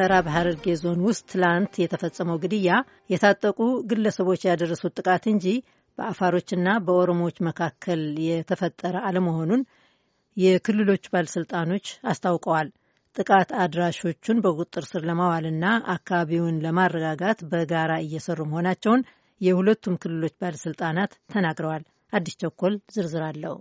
ምዕራብ ሐረርጌ ዞን ውስጥ ትላንት የተፈጸመው ግድያ የታጠቁ ግለሰቦች ያደረሱት ጥቃት እንጂ በአፋሮችና በኦሮሞዎች መካከል የተፈጠረ አለመሆኑን የክልሎች ባለሥልጣኖች አስታውቀዋል። ጥቃት አድራሾቹን በቁጥጥር ስር ለማዋልና አካባቢውን ለማረጋጋት በጋራ እየሰሩ መሆናቸውን የሁለቱም ክልሎች ባለሥልጣናት ተናግረዋል። አዲስ ቸኮል ዝርዝር አለው።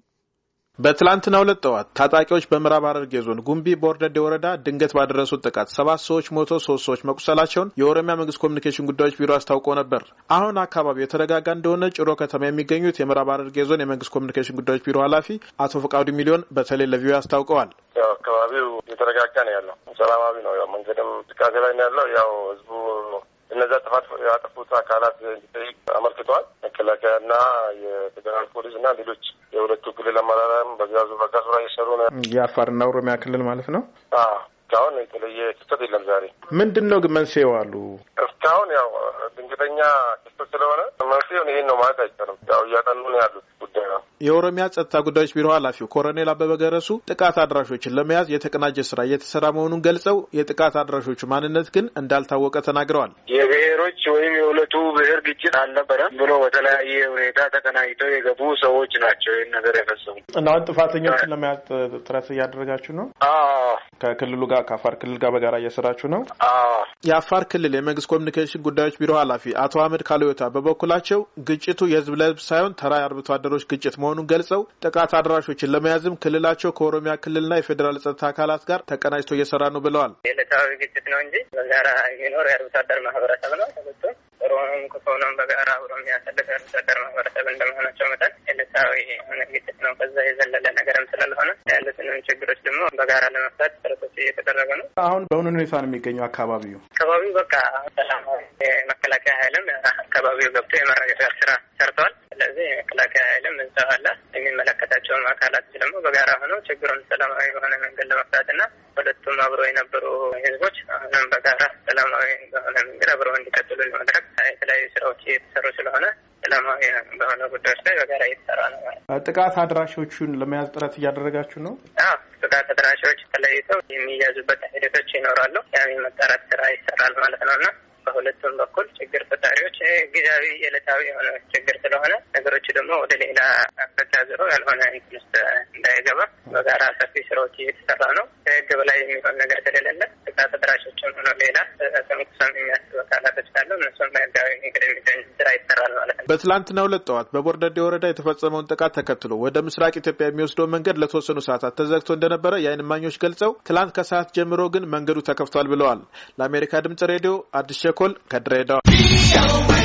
በትላንትናው ሁለት ጠዋት ታጣቂዎች በምዕራብ ሐረርጌ ዞን ጉምቢ ቦርደዴ ወረዳ ድንገት ባደረሱት ጥቃት ሰባት ሰዎች ሞቶ ሶስት ሰዎች መቁሰላቸውን የኦሮሚያ መንግስት ኮሚኒኬሽን ጉዳዮች ቢሮ አስታውቆ ነበር። አሁን አካባቢው የተረጋጋ እንደሆነ ጭሮ ከተማ የሚገኙት የምዕራብ ሐረርጌ ዞን የመንግስት ኮሚኒኬሽን ጉዳዮች ቢሮ ኃላፊ አቶ ፈቃዱ ሚሊዮን በተለይ ለቪዮ አስታውቀዋል። ያው አካባቢው የተረጋጋ ነው ያለው፣ ሰላማዊ ነው። ያው መንገድም ጥቃቴ ላይ ነው ያለው። ያው ህዝቡ እነዛ ጥፋት ያጠፉት አካላት እንዲጠይቅ አመልክተዋል። መከላከያና የፌዴራል ፖሊስ እና ሌሎች የሁለቱ ክልል አመራራም በዛ በጋ ዙራ እየሰሩ ነው። የአፋርና ኦሮሚያ ክልል ማለት ነው። እስካሁን የተለየ ክስተት የለም። ዛሬ ምንድን ነው ግን መንስኤው አሉ እስካሁን ያው ድንገተኛ ይህን ነው ማለት አይቻልም። ያው እያጠኑ ነው ያሉት ጉዳይ ነው። የኦሮሚያ ጸጥታ ጉዳዮች ቢሮ ኃላፊው ኮሎኔል አበበ ገረሱ ጥቃት አድራሾችን ለመያዝ የተቀናጀ ስራ እየተሰራ መሆኑን ገልጸው የጥቃት አድራሾቹ ማንነት ግን እንዳልታወቀ ተናግረዋል። የብሔሮች ወይም የሁለቱ ብሔር ግጭት አልነበረም ብሎ በተለያየ ሁኔታ ተቀናጅተው የገቡ ሰዎች ናቸው ይህን ነገር የፈጸሙ እና አሁን ጥፋተኞችን ለመያዝ ጥረት እያደረጋችሁ ነው? ከክልሉ ጋር ከአፋር ክልል ጋር በጋራ እየሰራችሁ ነው። የአፋር ክልል የመንግስት ኮሚኒኬሽን ጉዳዮች ቢሮ ኃላፊ አቶ አህመድ ካልዮታ በበኩላቸው ግጭቱ የህዝብ ለህዝብ ሳይሆን ተራ የአርብቶ አደሮች ግጭት መሆኑን ገልጸው ጥቃት አድራሾችን ለመያዝም ክልላቸው ከኦሮሚያ ክልልና የፌዴራል ጸጥታ አካላት ጋር ተቀናጅቶ እየሰራ ነው ብለዋል። የዕለታዊ ግጭት ነው እንጂ በጋራ የሚኖር የአርብቶ አደር ማህበረሰብ ነው። ኦሮሞም ኮሶኖም በጋራ ኦሮሚያ ያሳለፈ የአርብቶ አደር ማህበረሰብ እንደመሆናቸው መጠን መሰረታዊ ምንም ግጭት ነው። በዛ የዘለለ ነገርም ስላልሆነ ያሉትንም ችግሮች ደግሞ በጋራ ለመፍታት ጥረቶች እየተደረገ ነው። አሁን በምን ሁኔታ ነው የሚገኘው አካባቢው? አካባቢው በቃ ሰላማዊ የመከላከያ ኃይልም አካባቢው ገብቶ የመረጋጋት ስራ ሰርተዋል። ስለዚህ የመከላከያ ኃይልም እዛው አለ። የሚመለከታቸውም አካላት ደግሞ በጋራ ሆነው ችግሩን ሰላማዊ በሆነ መንገድ ለመፍታትና ሁለቱም አብሮ የነበሩ ህዝቦች አሁንም በጋራ ሰላማዊ በሆነ መንገድ አብሮ እንዲቀጥሉ ለማድረግ የተለያዩ ስራዎች እየተሰሩ ስለሆነ ሰላማዊ በሆነ ጉዳዮች ላይ በጋራ እየተሰራ ነው ማለት ነው። ጥቃት አድራሾቹን ለመያዝ ጥረት እያደረጋችሁ ነው? ጥቃት አድራሾች ተለይተው የሚያዙበት ሂደቶች ይኖራሉ። ያም መጠራት ስራ ይሰራል ማለት ነው እና በሁለቱም በኩል ችግር ፈጣሪዎች ጊዜያዊ የዕለታዊ የሆነ ችግር ስለሆነ ነገሮች ደግሞ ወደ ሌላ አቅጣጫ ዞሮ ያልሆነ ውስጥ እንዳይገባ በጋራ ሰፊ ስራዎች እየተሰራ ነው። ከህግ በላይ የሚሆን ነገር ስለሌለ ጥቃት አድራሾችን ሆነ ሌላ ተንኩሰም የሚያስብ አካላቶች ካሉ እነሱም በትላንትና ሁለት ጠዋት በቦርደዴ ወረዳ የተፈጸመውን ጥቃት ተከትሎ ወደ ምስራቅ ኢትዮጵያ የሚወስደው መንገድ ለተወሰኑ ሰዓታት ተዘግቶ እንደነበረ የአይን ማኞች ገልጸው ትላንት ከሰዓት ጀምሮ ግን መንገዱ ተከፍቷል ብለዋል። ለአሜሪካ ድምጽ ሬዲዮ አዲስ ሸኮል ከድሬዳዋ